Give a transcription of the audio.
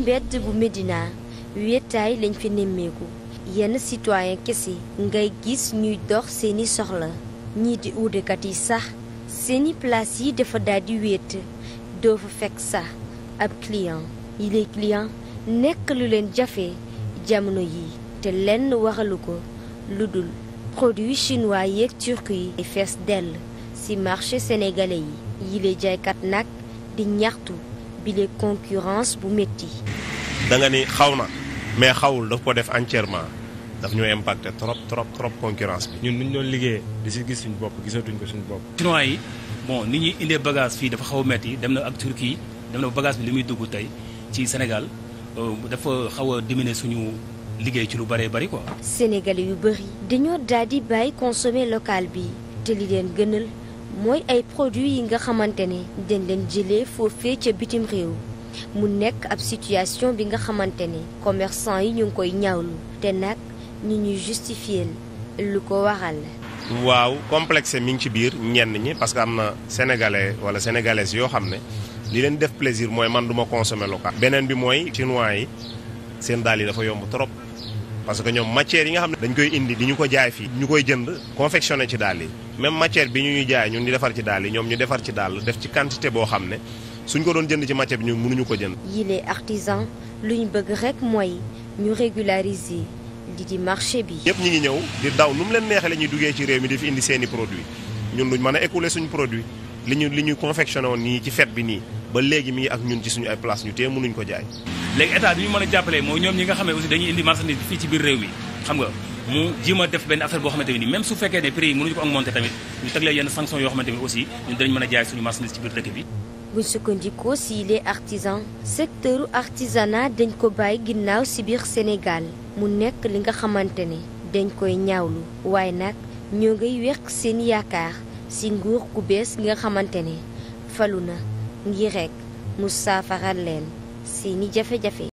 mbedd bu Médina wéetaay lañ fi nemmeeku yenn citoyen kese ngay gis ñuy dox seeni soxla ñii di uudekat yi sax seeni place yi dafa daldi di wéet doo fa fekk sax ab client yi lay client nekk lu leen jafe jamono yi te lenn waxalu ko lu dul produit chinois yeeg turc yi fees dell ci marché sénégalais yi yi lay jaaykat nag di ñaxtu bi les concurrence bu métti. da nga ni xaw na mais xawul daf ko def entièrement daf ñoo impacté trop trop trop concurrence bi. ñun nuñ doon liggéeyee di si gis suñu bopp gisatuñ ko suñu bopp. chinois yi bon nit ñuy indee bagage fii dafa xaw a métti dem na ak Turquie dem na bagage bi li muy dugg tey ci Sénégal euh, dafa xaw a diminuer suñu. liggéey ci lu bëree bari ko Sénégalais yu bëri dañoo daal bàyyi consommer local bi te li leen gënal mooy ay produits yi nga xamante ne dañ leen jëlee foofee ca bitim réew mu nekk ab situation bi nga xamante ne commerçant yi ñu ngi koy ñaawlu te nag ñu ñuy justifier lu ko waral. waaw complexe mi ngi ci biir ñenn ñi parce que am na sénégalais wala sénégalaises yoo xam ne li leen def plaisir mooy man du ma consommer local. beneen bi mooy chinois yi seen daal yi dafa yomb trop. parce que ñoom matière yi nga xam ne dañ koy indi di ñu ko jaay fii ñu koy jënd confectionné ci daal yi même matière bi ñu ñuy jaay ñun ñu defar ci daal yi ñoom ñu defar ci daal def ci quantité boo xam ne suñ ko doon jënd ci matière bi ñun mënuñu ko jënd yile artisan lu ñu bëgg rek mooy ñu régulariser di di marché bi ñëpp ñi ngi ñëw di daw nu mu leen neexee la ñuy duggee ci réew mi di fi indi seeni i produit ñun duñ mën a écouler suñu produit li ñu li ñu confectionné woon nii ci fête bi nii ba léegi mi ngi ak ñun ci suñu ay place ñu tee mënuñ ko jaay léegi état bi ñu mën a jàppale mooy ñoom ñi nga xam ne aussi dañuy indi marchandise bi fii ci biir réew mi xam nga mu jéem a def benn affaire boo xamante ni même su fekkee ne prix yi mënuñu ko augmenter tamit ñu teg leen yenn sanction yoo xamante ni aussi ñun dinañ mën a jaay suñu marchandise ci biir dëkk bi buñ sukkandikoo si les artisans secteuru artisanat dañ ko bàyyi ginnaaw si biir senegal mu nekk li nga xamante ne dañ koy ñaawlu waaye nag ñoo ngay weq seen yaakaar si nguur gu bees gi nga xamante ne falu na ngi rekk seeni jafe-jafe